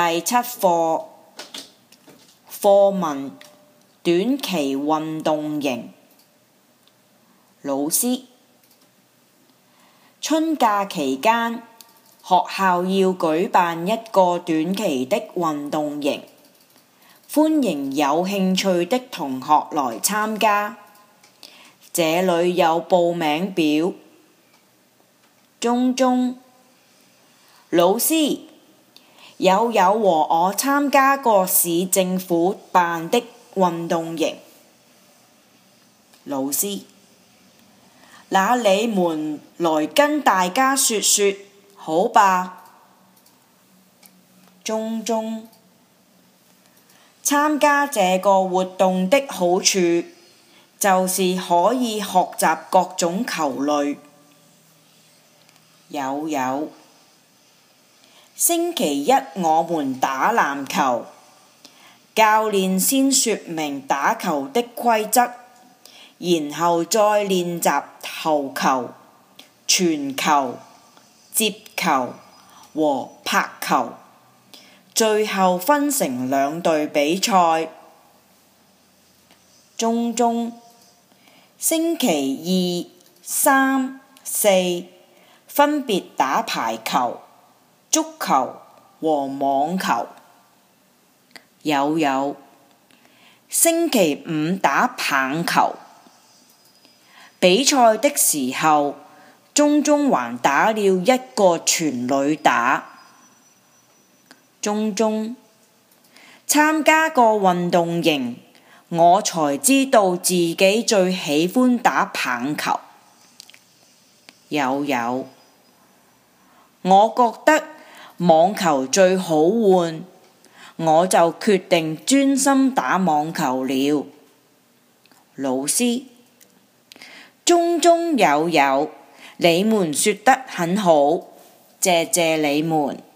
第七課課文：短期運動營，老師，春假期間學校要舉辦一個短期的運動營，歡迎有興趣的同學來參加。這裡有報名表，鐘鐘，老師。友友和我參加過市政府辦的運動營。老師，那你們來跟大家說說，好吧？中中。參加這個活動的好處就是可以學習各種球類。友友。星期一我們打籃球，教練先説明打球的規則，然後再練習投球、傳球、接球和拍球，最後分成兩隊比賽。中中，星期二、三、四分別打排球。足球和網球。有有，星期五打棒球比賽的時候，中中還打了一個全壘打。中中參加過運動營，我才知道自己最喜歡打棒球。有有，我覺得。網球最好換，我就決定專心打網球了。老師，中中有有，你們說得很好，謝謝你們。